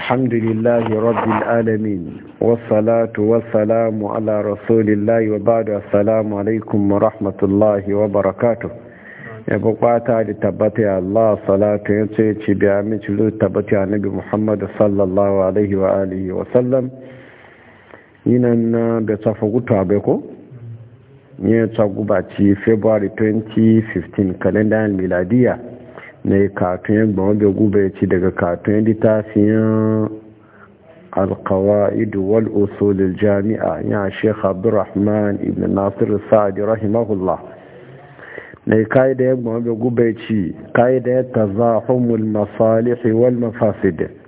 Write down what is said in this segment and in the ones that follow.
الحمد لله رب العالمين والصلاة والسلام على رسول الله وبعد السلام عليكم ورحمة الله وبركاته ya bukata da tabbata ya Allah salatu ya ce ci biya min cilo tabbata ya nabi Muhammad sallallahu alaihi wa alihi wa sallam na da ko ne February 2015 kalendar miladiya ne katun gbawon da gube ci daga katun littafin alkawa'idu wal usulil jami'a ya sheikh abdurrahman ibn nasir sa'adi rahimahullah ne kai da ya da gube ci kayi da ya tazahumul masalihi wal mafasidin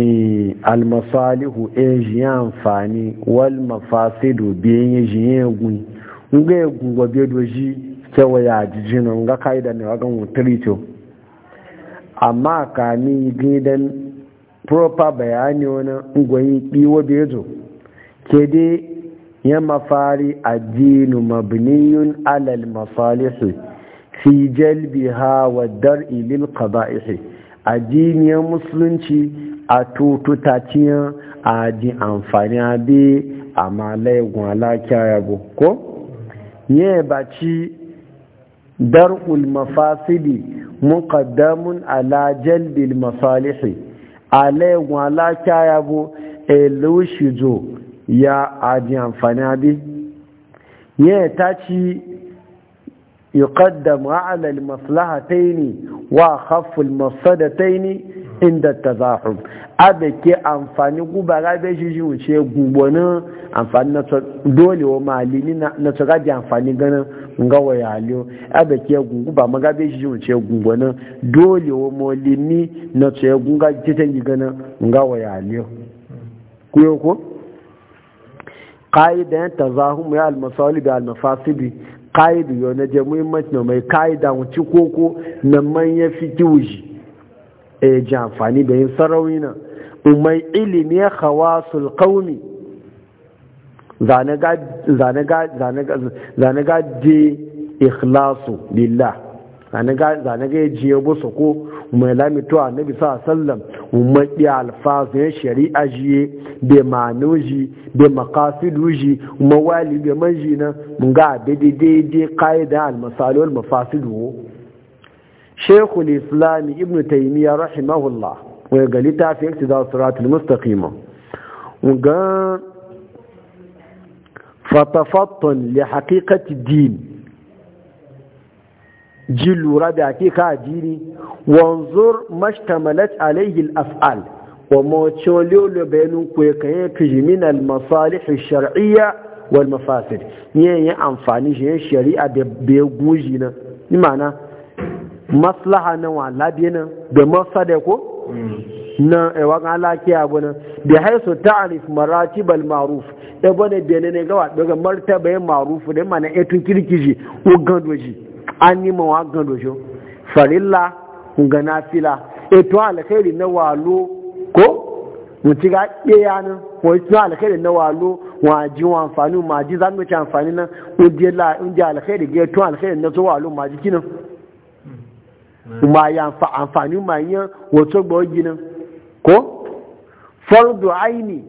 Eh, almasalihu e eh, ji amfani wal mafasidu biyan ya ji yin gun nga ya gungwa biya doji kewa ya jiji na nga ka'ida ne wagan wutarito amma ka ni gidan proper bayani wani ngwayi biwa biya zo ke dai ya mafari addinu mabniyun alal masalihi fi jalbiha wa dar'i lil qada'ihi ya musulunci a tututa ciyan a ji amfani bi a malaigun alakiya yabo ko yi ba ci dar'ul mafasidi muqaddamun ala jalbil masalihi alaigun alakiya yabo elushijo ya a ji amfani abi yi ta ci يقدم على المصلحتين وأخف المفسدتين inda tazahum abe ke amfani guba rabe shi shi wuce gubonin amfani na dole wa malini na tsara da amfani ganin ngawa ya aliyo abe ke guba rabe shi shi wuce gubonin dole wa malini na tsara guga jitan yi ganin ngawa ya aliyo kuyo ko ƙa'idan tazahum ya almasali da almafasibi da yau na je muhimmanci na da wuce koko na manya fi kiwuji e ji amfani da yin sarauni na umai ilimi ya hawa sulkauni zane biLla. ikhlasu lillah zane gaje jiye busu ko mai lamito a bisa sa sallam umar ɗi alfasu ya shari'a jiye da manoji da makasiduji umar wali da manji na ga daidai daidai ƙa'ida al-masalu shekul islami ibn taimiyya rahimahullah wai ga littafi yake za su ratul mustaqima ga fatafattun li haqiqati din ji lura da hakika addini wanzur mashtamalat alayhi al-af'al wa mawacin lolo bayanin kuwa kan al-masalihu shar'iyya wal mafasid yin amfani shi shari'a da bai guji na maslaha na wa labinan da mafsada ko na ewa eh, ga laki abu nan da haisu ta'arif maratibal ma'ruf da e bane bene ne gawa daga martaba ma'ruf da mana etu kirkiji o gandoji an ni ma wa gandojo farilla ga nafila etu alkhairi na walu ko mu ci ga iya nan ko etu alkhairi na walu wa ji wa amfani ma ji zan mu ci amfani nan o je la in ji alkhairi ga etu alkhairi na zuwa walu ma ji kinan kuma ya amfani manyan wato gbawa ginin ko fardu aini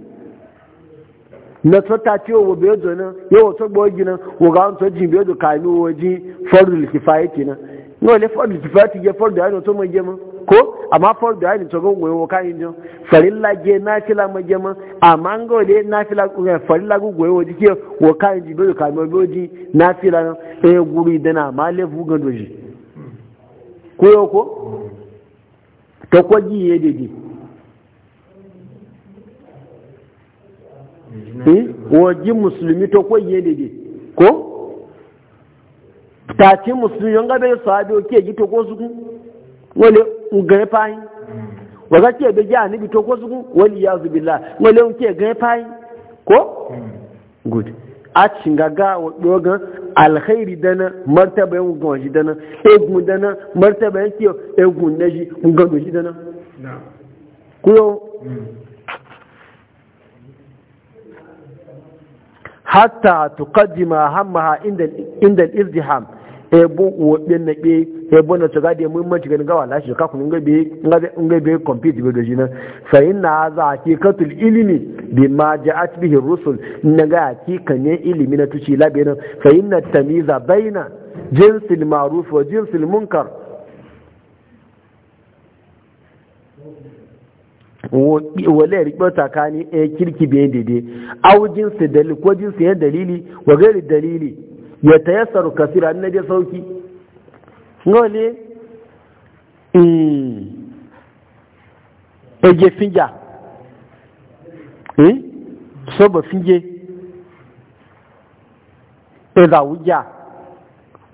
na tsota ce wa bai zo nan yau wato gbawa ginin waga wani tsojin bai zo kami waje fardu likifaya kenan yau ne fardu likifaya ta ge fardu aini wato mai gema ko amma fardu aini to gon goyo ka yin jin farilla ge na fila mai gema amma ga wale na fila farilla go goyo waje ke wa ka yin bai zo kami waje na fila nan eh guri dana ma lefu ga doji koyo ko to kwaji ya ye de di musulmi to kwaji ye dede ko ta ci musulmi yanga be sahabi o ke ji to ko suku ku wale ngare pai wa ga ke be ja ni bi to ko su wali yazu billah wale un ke gare pai ko good a gaga ga dogon alkhairi dana martaba yan gawa shi dana egun dana martaba yan kiyo egun na shi gano shi dana kuyo hmm. hatta tuqaddima hammaha inda inda izdiham ebo wobe na be ebo na tsoga de muhimmanci ganin gawa lashi ka kun ngabe ngabe compete be dojina fa inna za hakikatul ilmi bima ja'at bihi rusul inna ga hakika ne ilimi na tuci labe na fa inna tamiza baina jinsil ma'ruf wa jinsil munkar wale riƙo tsakani a eh, kirki biyan daidai au jinsi dalili ko jinsi ya dalili wa gari dalili ya ta tayassaru kasira na je sauki ngole eh hmm. eje finja eh hmm? so ba finje e da wuja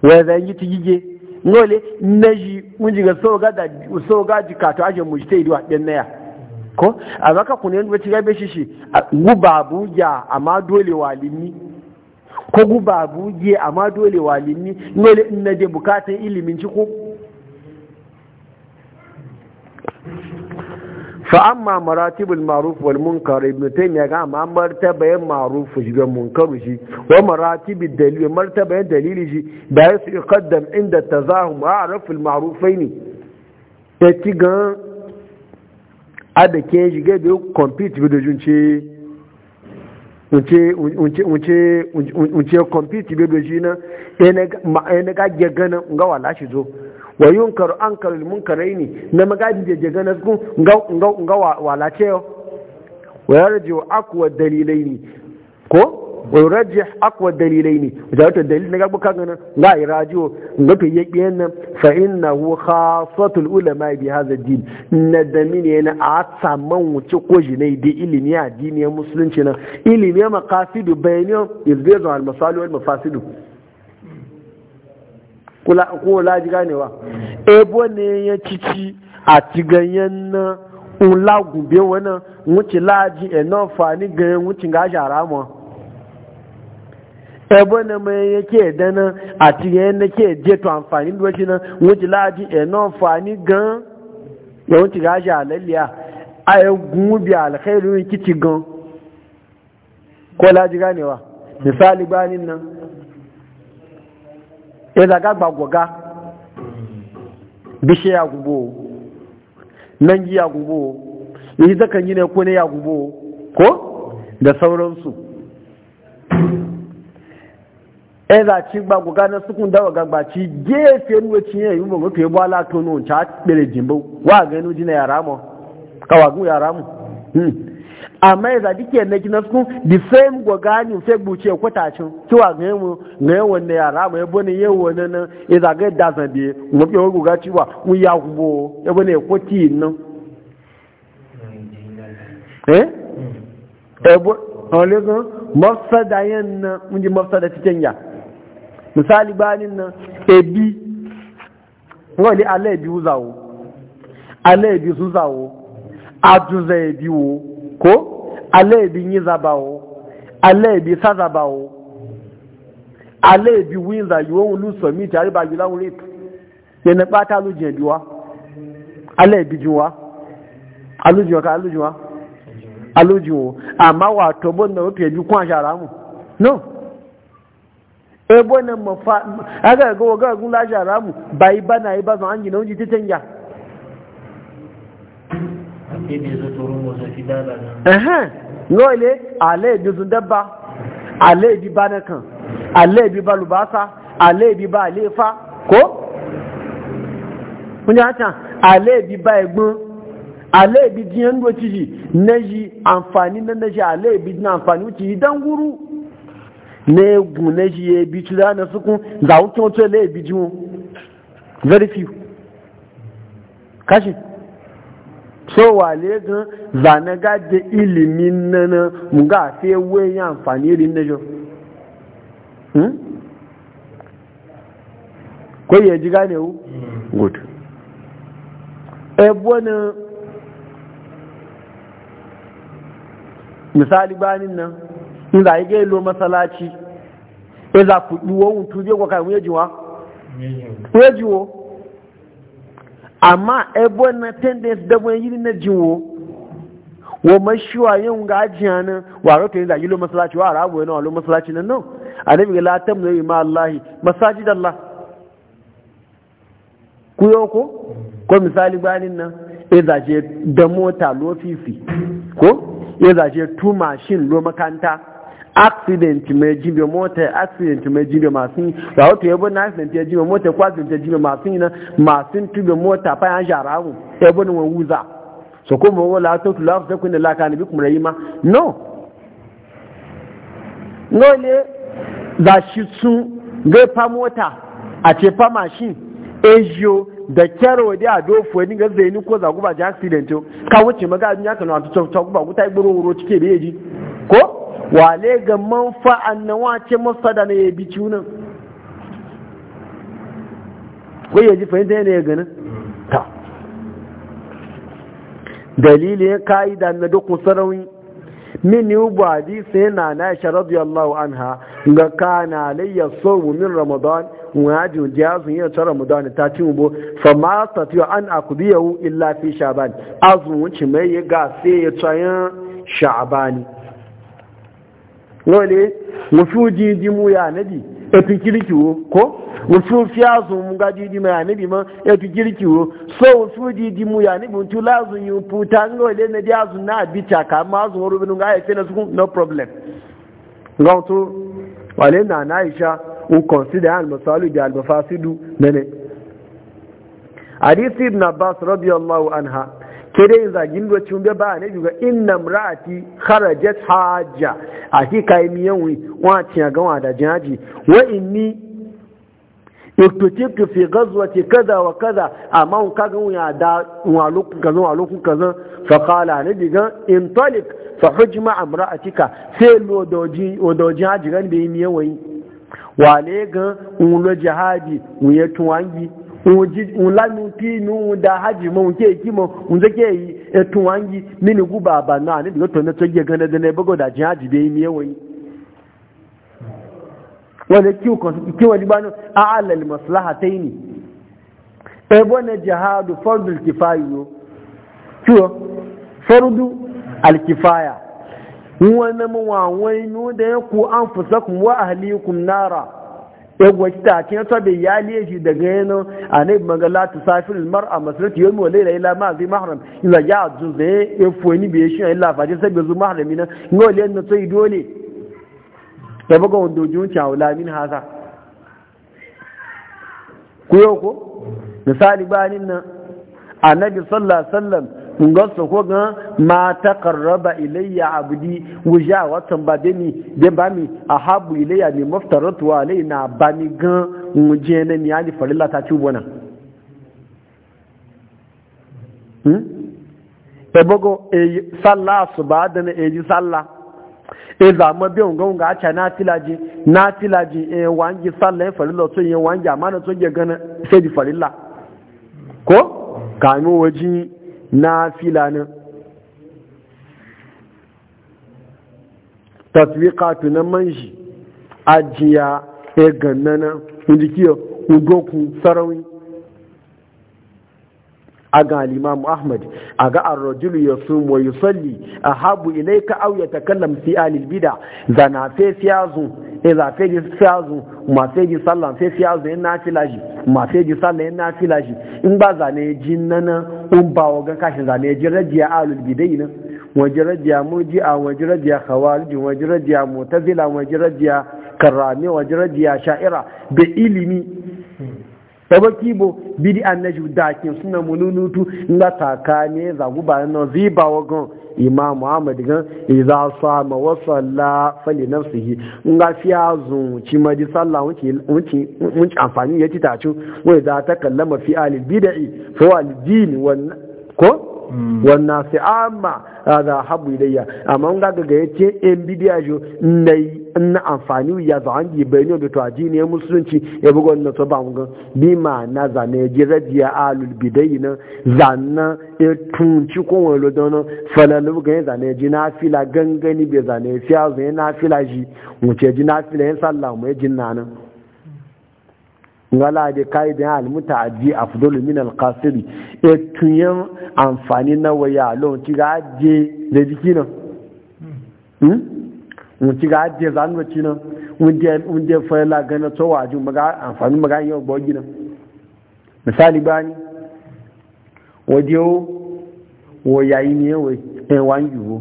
wa da yi tijije ngole naji unji ga so ga da so ga jikata aje mujtaidu a den naya ko a zaka kunen wata gabe shi shi guba buja amma dole walimi ko guba buge amma dole walinni dole in na je bukatan ilimin ci ko fa amma maratibul ma'ruf wal munkar ibn taymiya ga amma martabayan ma'ruf shi ga munkar shi wa maratibid dalil martabayan dalili shi da ya su yuqaddam inda tazahum a'raf al ma'rufain ta ci ga ada ke shi ga da compete bi da junce unce kwamfiti bebe shi na na gajiyar gana ga wala shi zo wa yi unkaru an karu mun karai ne na magajin jeje gana su ga wala ce yau wa yarje wa akuwa dalilai ne ko wa yurajjih aqwa dalilaini wajawata dalil na gaba kaga ga irajiyo ga to yaki nan fa hu khassatul ulama bi haza din na da mini yana a saman wuce ko jinai da ilimi addini ya musulunci nan ilimi ya maqasidu bayaniyo izbezu al masalih wal mafasidu kula ko laji ganewa ebo ne ya cici a ti ganyen na un lagun be wannan wuce laji enough ani ganyen wuce ga jara mu ebe na mai yake dana a cikin na ke je to amfani da wasu nan wuce laji eno amfani gan ya wuce gashi halalliya a ya gubi alkhairu yin kici gan ko laji ganewa misali banin nan e ya zaga gbagwaga bishe ya gubo nan ji ya gubo yi zakan yi ne ko ne ya gubo ko da sauransu ɗaya za ci ba ku gane sukun dawa gagba ci gefe nuwa ci yayi mun ga kai bala to nun ta jimbo wa ga nu jina yara mu kawa gu yara mu hmm. amma e e ya zaɗi e ke na gina sukun the same go gani fe buce kwatacin kiwa ne ya mu yabo ne ne nan ya zaga da zabe mu ke go ga ci ba mu ya ne kwati nan eh hmm. ebo ole go mafsada yan mun ji mafsada cikin ya misali banin nan ebi wani ala ebi uzawo ala ebi suzawo aduza ebi wo ko ala ebi yizabawo ala ebi sazabawo ala ebi winza yiwo wulu somi tari ba yula wuri yana pata alujin ebi wa ala ebi juwa alujin wa ka alujin wa alujin wo amma wato bon na ofe ebi kun a shara mu no ebo nan mafa aga ga waga gun la jara yi ba zan an na wuji titan ya ehe zun dabba kan ba lubasa ba alefa ko ba ciji amfani na naji ale bi na amfani guru ne gune shi ya bi ci na suku za a wuce wato ya bi jiwo very few kashi so wale gan zane gaje ilimin nana ga fe wani amfani irin na jo hmm? kwai ya ji gane wu mm. good ebe wani misali banin nan ìzà igé ló mọ́sálásí ìzà pùpù ohun tó jẹ́ kọkà ìwé jùwá ìwé jùwó àmá ẹbọ́ na tendence dẹ́gbọ́n yìí ní jùwó wọ́n mọ́ ṣíwá yóò ga jìyàn ní wà rọ́tò ìzà yìí ló mọ́sálásí masalaci ráàbù nan? ló mọ́sálásí náà náà àdébìgẹ̀ látẹ́mù lórí máa láhì mọ́sálásí dàlá kúyọ́ ko ko misali gbanin nan ìzà e jẹ́ da mota lọ́fíìsì ko ìzà e jẹ́ tu machine lọ makanta accident mai jibe mota accident mai jibe masu wata yabo na accident ya jibe mota ko accident ya jibe masu yi na masu tube mota fa an shara mu yabo wani wuza so ko mo wala to tula ta kun da laka ne bi kuma rayima no no le za shi su ga fa mota a ce fa machine ejo da kyaro wadi a dofo ni ga ni ko za guba ji accident ka wuce maga ya kana ta ta guba guta gburo wuro cike da yaji ko wale ga manfa'an na wace da na ya bi cunan ko ya ji fahimta ne ya ganin ta dalilin ka'ida na duk sarauni min yubu hadisi yana na aisha radiyallahu anha ga kana alayya sobu min ramadan wani jiyazun yin ta ramadan ta ci mu fa ma tatiyu an akudiyahu illa fi sha'ban azumin ci mai ya ga sai ya tsayan sha'bani wale wasu jiji mu ya nabi efi kirkiwo ko wasu fiyazu mu ga jiji mu ya nabi ma efi kirkiwo so wasu jiji mu ya nabi mutu lazun yi puta wale na biya zun na abita ka ma zun wani rubin ga ya fi no problem ga wato wale na naisha isha consider al-masalu da al-mafasidu ne ne ibn abbas radiyallahu anha sai dai zagin da cikin da ba ne juga inna mraati kharajat hajja a ki kai miyan wi wa tiya wa da jaji wa inni iktutiktu fi ghazwati kaza wa kaza amma un kaga ya da wa lokun kaza wa lokun kaza fa qala ne diga in talik fa hujma amraatika sai lo doji o doji haji gan da miyan wi wale ga un lo jihadi mu ya tuwangi ńlámi da hajj mọ nke kí yi etu, wangi mini guba aba náà níbi lọtọ ní tọjú ẹgbẹ dandan ẹgbẹ hajj imi ẹwọ yìí. wọn lè kí wọn kí wọn dìgbà náà maslaha lè mọsálàhà tẹyìnì jihadu fọdù alkifaya yìí kí wọn fọdù alkifaya wọn nà mọ wọn àwọn inú anfusakum wa ahlikum nara. yawwa ta ce ta bai ya liye shi daga yano a ne magala ta safir ilmar a masarauta yau mai da ila ma zai mahram ila ya jun zai ya foni bai shi a ila faje sai bai zu mahrami na ngol yan na sai dole da baga wanda jun ta wala min haza ku yau ko misali banin nan annabi sallallahu alaihi wasallam ngonsa ko ga ma taqarraba ilayya abdi wuja watan ba de mi de ba mi ahabu ilayya mi maftaratu alaina ba mi gan wuje ne mi ali farilla ta ci bona hmm e bogo e salla suba da ne e ji salla e za ma bi ngon ga cha na tilaji na tilaji e wanji salla e farilla to yin wanji amana to je gana sai di farilla ko kaimu waji na filanin tatwikatu na manji ajiya ya gannana indikiyo ugoku sarawi a ga alimamu ahmad a ga arrojulu ya sun wa a habu ilai ka auya ta kallam fi alil bida zana fe fiyazu e za fe ji fiyazu ma fe ji sallan fe fiyazu na nafilaji ma fe ji sallan na nafilaji in ba zane jin nana un ba wa gan kashin zane ji rajiya alul gidai nan waje rajiya murji'a waje rajiya khawarijin waje rajiya mutazila waje rajiya karrami waje rajiya sha'ira da ilimi Baba kibo bidi an na dakin suna mununutu na takane zagu ba na ziba wa gan imam ahmad gan idza sama wa salla fali nafsihi in ga fi azun ci ma sallah wuce amfani ya ci tacu za ta takallama fi al bid'i fa wal din ko ko mm. wannan sai amma za habu ilayya amma ga ga ce en bidiya jo nai na amfani ya zangi bayani da to ajini musulunci ya bugo na to ba mun bi ma na zane ji radiya alul bidai na zanna ya tunci ko wani lo dono falalu ga zane ji na fila gangani be zane fiya zane na fila ji mu ce ji na fila yin sallah ya ji nan ngala da kaidan almutaaddi afdalu min alqasiri e tunyan amfani na waya lon ti ga je hmm ti ga je zan wacin nan mun je je fa la gana to waju maga amfani maga yau bogi misali bani wadio wo yayi ni e we e wanju wo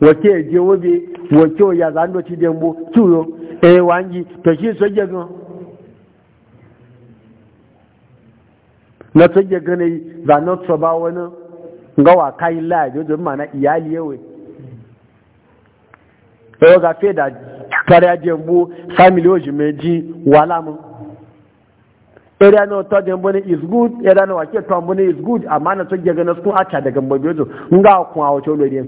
wote je wo bi wo ya zan wacin dembo tuyo e wanji to shi so je gan na tsage gane za na tsoba wani gawa kayi laji wajen mana iyali yawai yau ga fe da kariya jembo family oji mai ji wala mu area na to jembo ni is good area na wake to ambo ni is good amma na tsage gane su acha daga mabiozo nga kun a wato lodiyan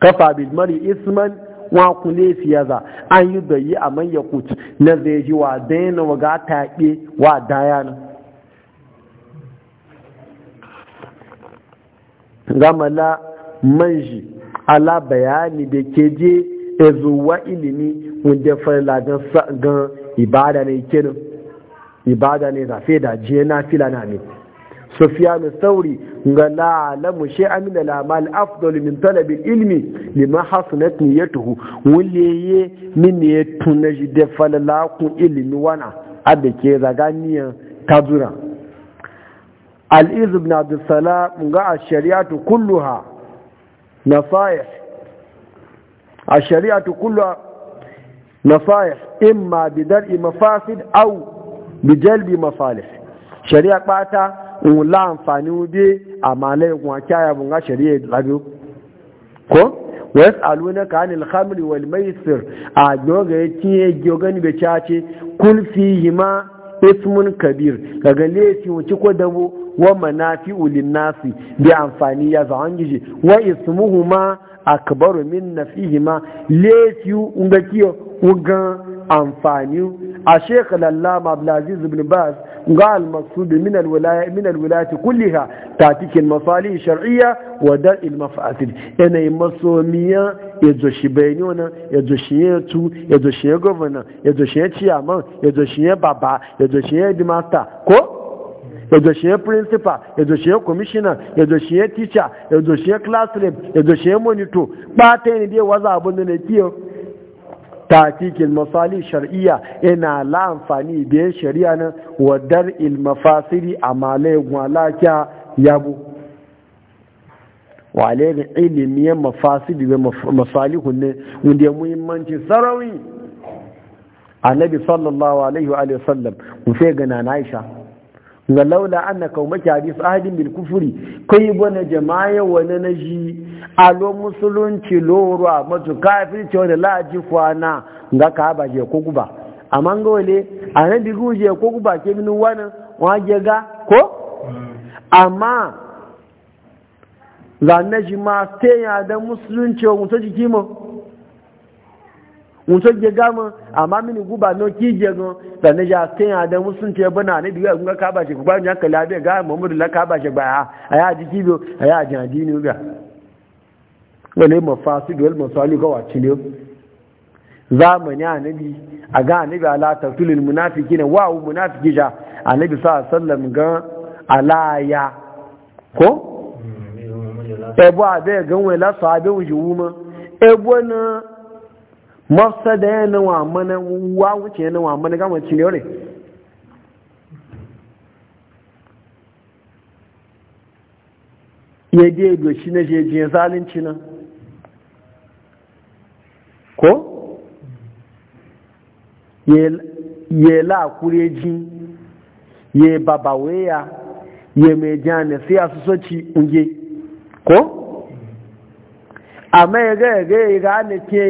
kafa bil isman wa kule fiye za an yi da a manya kuci na zai ji wa daina wa ga taɓe wa daya na gamala manji ala bayani da ke je ezuwa ilimi wanda farla gan ibada ne kenan ibada ne zafe da jiye na fila na ne سفيان الثوري قال لا أعلم شيئا من الأعمال أفضل من طلب العلم لما حصلت نيته واللي من يتنجد فللاكم علم وانا أبكي زغانيا تزورا الإذ بن عبد السلام قال الشريعة كلها نصائح الشريعة كلها نصائح إما بدرء مفاسد أو بجلب مصالح شريعة باتا wula amfani wube a malai kuma kyaya bunga shari'a da ko wasu aluna ka hannun alhamri wal maisir a joga ya ciye gyogani bai cace yi ma ismun kabir kaga laifi wuce ko dabo wa manafi ulin nasi bi amfani ya zawon gizi wa ismuhuma akbaru min ma laifi unga kiyo ugan amfani a shekh lallama abdulaziz ibn baz قال المقصود من الولاية من الولايات كلها تعطيك المصالح الشرعية ودرء المفاسد أنا يمصوميا يدوشي بينيونا يدوشي يتو يدوشي غوفنا يدوشي تشياما يدوشي بابا يدوشي ديماستا كو yaudashe principal yaudashe commissioner yaudashe teacher yaudashe class rep yaudashe monitor ɓata yana dai waza abin da na kiyo takikin masali shari'a ina la amfani da shari'a na wadar ilmafasiri a malai ya yabo wale ga ilimi mafasiri da masalihun ne wanda ya muhimmanci sarauni annabi sallallahu alaihi wa sallam mu gana na aisha ga laula anna kaumaki hadis ahadin bil kufuri kai bane jama'a wani naji a lo musulunci loro a matu kafirci wani laji kwana ga ka ba je ko guba amma ga wale a nan ko guba ke min wani waje ga ko amma zanne shi ma sai ya da musulunci wa mutu mutu je gama amma mini guba no ki je go tan ja tin adan musun te bana ne diga kun ka ba shi guba ba ni haka labe ga Muhammadu la ka ba shi ba aya ji do aya ji adini ga wale mafasid wal masali ga wacce ne zamani annabi a ga annabi ala tafsilul munafiqin wa hu munafiki ja annabi sallallahu alaihi wasallam ga alaya ko hmm, ebo abe ganwe la sahabe wujuma ebo na mafsada yana wa mana wa wuce yana wa mana gama cin yore ya je ga shi na jeje zalunci nan ko ya la kureji ya babaweya ya mai jana sai a su soci unge ko amma ya ga ya ga ya ga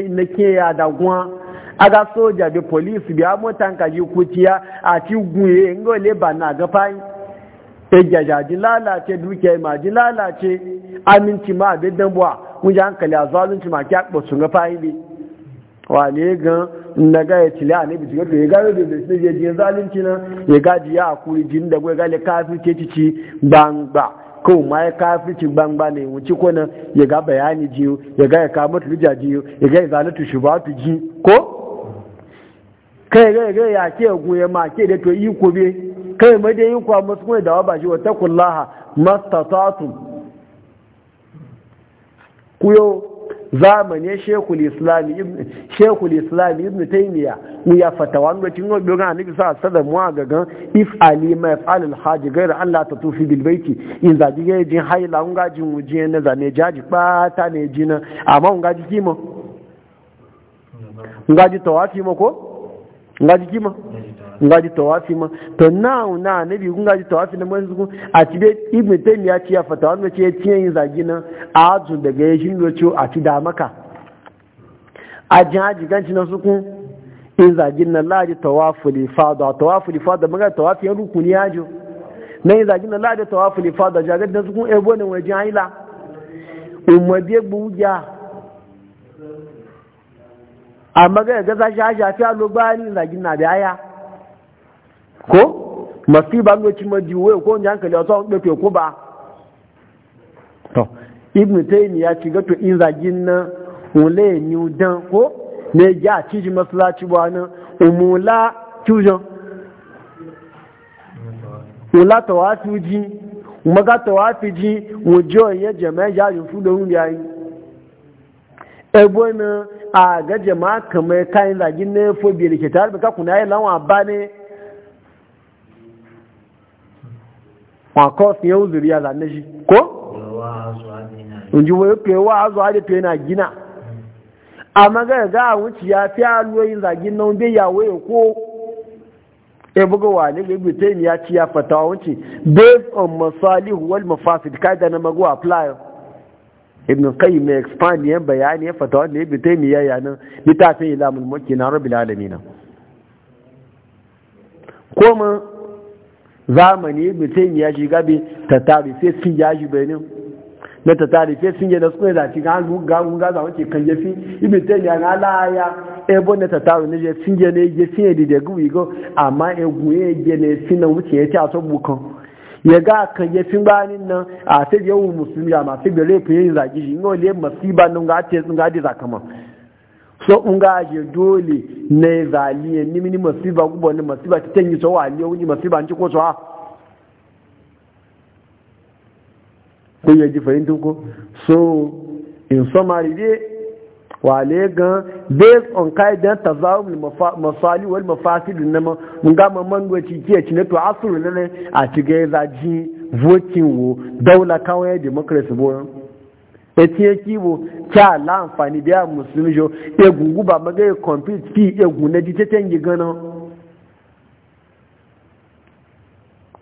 na ke ya da guwa aga soja bi polisi bi amotan ka yi kuciya a ci guye ngo le ba na ga fayi e jajaji lalace duke ma ji lalace aminci ma abin dan buwa mun ji hankali a zalunci ma ki akpa sun ga fayi ne wale gan na ga ya cile a ne bi tigato ya e gano da su ne je zalunci na ya e ji ya akuri jin da gwai e le kafin ke cici ban ba kawo ma ya kafirci gbangba ne wuce kona ya ga bayani jiyo ya ga ya kama tulija jiyo ya ga ya zane ba shubatu ji ko kai ga ga ya ke goye ma ke da to iko be kai ma dai iko amma su kuma da ba shi wa taqullaha mastata'tum kuyo zamani shekul islam ibn shekul islam ibn taymiya mu ya fatawa an gacin wa biyo ga annabi sa sallam wa ga gan if ali ma yaf'al al haji ghayr an la tatufi bil baiti in za jige jin haila un ga jin wuje na ne jaji bata ne jina amma un ga ji kima un ga ji tawafi ma ko un ga ji kima ngaji tawafi ma to now na ne bi ngaji tawafi na manzu a tibe ibnu taymiya ce ya fatawa ne ce tiyan yin zagi nan a azu daga yashin locho a ti da maka a jaji ganci na suku in zagin nan laji tawafu li fada tawafu li fada maga tawafi yan rukuni jo na yin zagin nan laji tawafu li fada jagad na suku ebo ne wajen haila umma biye buja amma ga ga za shi a shafi a lobani zagin na da aya ko masiba ngoci majiwe ko nya hankali wasu an ɗauke ku ba to ibn taymi ya ci gato in zagin nan wule ni dan ko ne ya ci ji masallaci ba nan umula tujan wula tawafi ji umaga tawafi ji wujo ya jama'a ya yi da fudo wuri ayi ebo na a ga jama'a kamar kayan zagin na fobiyar ke tare da kakuna ya lawan ba ne makos ya wuzuri ya zane shi ko? inji yake wa a zuwa da yana gina amma ga ga wuci ya fi aluwoyin zagin nan bai ya ko ya e buga wani ga ibi ta ya ci ya fata wuci based on masalihu wal mafasid da na mago apply ibn qayyim mai expand yan bayani ya fata wanda ibi ta ya yanin littafin ilamul mulki na rabbil alamin ko ma zamani mutum ya shiga bi ta tari sai sun ya shi benin na ta tari sai sun yana suna zaci ga hannu gaza wace ga zawon ke kan jefi ibin ta ya na laya ebo na ta tari na jefi sun yana ya sun yana da guwi go amma egu ya e yi na sun na wuce ya ci a sabu kan ya ga kan ya fi bayanin nan a ta yawon musulmi a masu bere fiye yin zagi shi yin wale masiba nan ga ce sun gadi adi zakaman so unga je dole ne zaliye ni mini masiba gubo ni masiba ti tenyi so wa liyo ni masiba nci ko so ha ko ya ji fahimtun ko so in summary dai wale gan based on kaidan tazawum masali wal mafasid na mun ga mamman goci ke ci ne to asuru ne a ci ga zaji voting wo daula kawai democracy bo ya tiye kibo kya la amfani biya musulmi jo ya e gungu ba maga ya e compete fi ya e gune ji ta tangi gana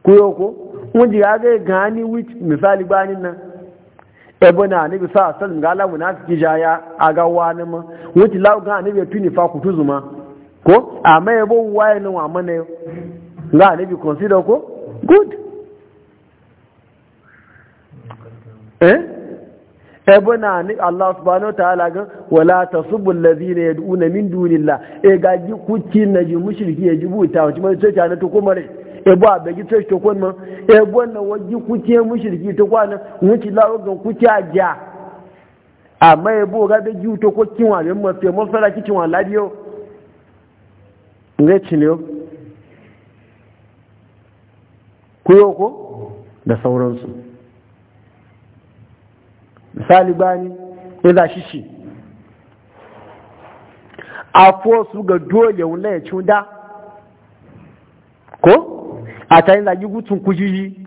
kuyo ko wani ya ga gani which misali bani nan ebe na anabi sa sallam ga ala munafiki jaya a ga wani ma wuce la ga anabi ya tuni fa kutu zuma ko amma ya bo waye nan wa mana ga anabi consider ko good eh ebona ni Allah subhanahu wa ta'ala ga wala tasubbu allazina yad'una min dunillah e gaji ji kuci na ji mushriki ya ta wace mai tsaya ta na to kuma re e ba be ji to kuma e bonna waji kuci mushriki to kwana wuci lawo ga kuci aja amma e bo ga da ji to ko kinwa ne mu fe mu fara kicin wa labiyo ci ne ko da sauransu misali bani ya za shi a su ga dole wula ya ci da ko a ta yi zagi gutun kujiji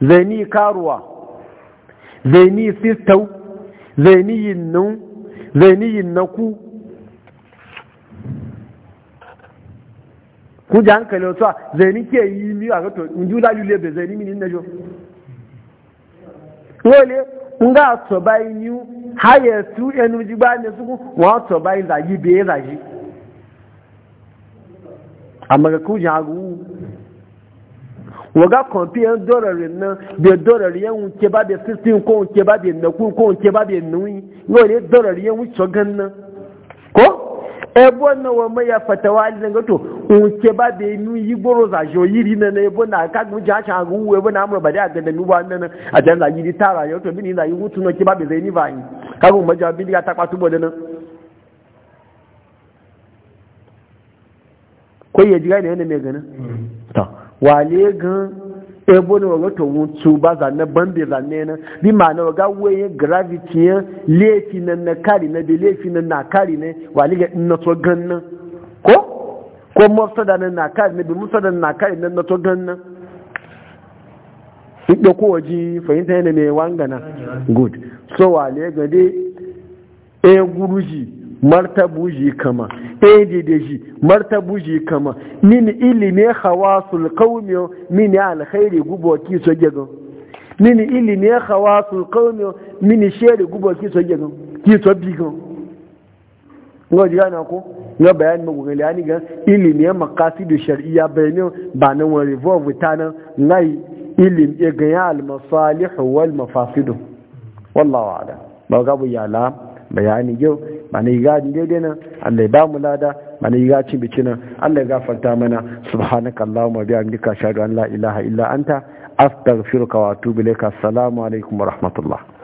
zai ni karuwa zai ni sistau zai ni yinnun zai ni yinnaku ku ji hankali wasu a zai ni ke yi miyu a gato in ji wula lule bai zai ni mini na jo wole nga tọba inyu ha yẹ tu ẹnu jigba ne suku wọn tọba ìlàyé bẹ ìlàyé amagaku jagu waga kọmpi yẹn dọrọrì náà bẹ dọrọrì yẹn ń kẹba bẹ ko kó ń kẹba bẹ nàkú kó ń ba be nùyí yi, wọn yẹ dọrọrì yẹn ń sọ gan na ko. ebo na wa ya fatawa ne ga to unke yi goro za yiri na na ebo na ka guji ha aga uwe ebo na amro ba da ga da nu na a jan za yiri tara yo to bini za yi hutu no ke zai ni ba yi ka gu mmaja bini ga ta kwatu bodo na ya ji ga ne wale ebo ne waga to wutu ba zane bambe zane na bi ma na ga waye gravity ya lefi na na kari na bi lefi na na kari ne wani ga na to ganna ko ko mafsada na na kari ne bi mafsada na kari na na to ganna duk da kowaji fahimta yana mai wangana good so wale ga dai e guruji martabu ji kama ɗaya eh, da ji martabu ji kama min ilimi hawasul qaumi min alkhairi gubo ki so jego min ilimi hawasul qaumi min sheri gubo ki so jego ki so bigo ngo diga na ko ngo bayani mu gele ani ga ilimi maqasidu shar'iyya bayani ba nan wa revolve tana ngai ilim e ga ya al masalih wal mafasid wallahu a'lam ba ga bu ya la bayani yau mana yi yiga daidai nan Allah ya ba mu lada mana yi gaci cin nan Allah ya gafarta mana subhanaka biya, bihamdika ashhadu an la ilaha illa anta astaghfiruka wa atubu ilayka assalamu alaikum wa rahmatullah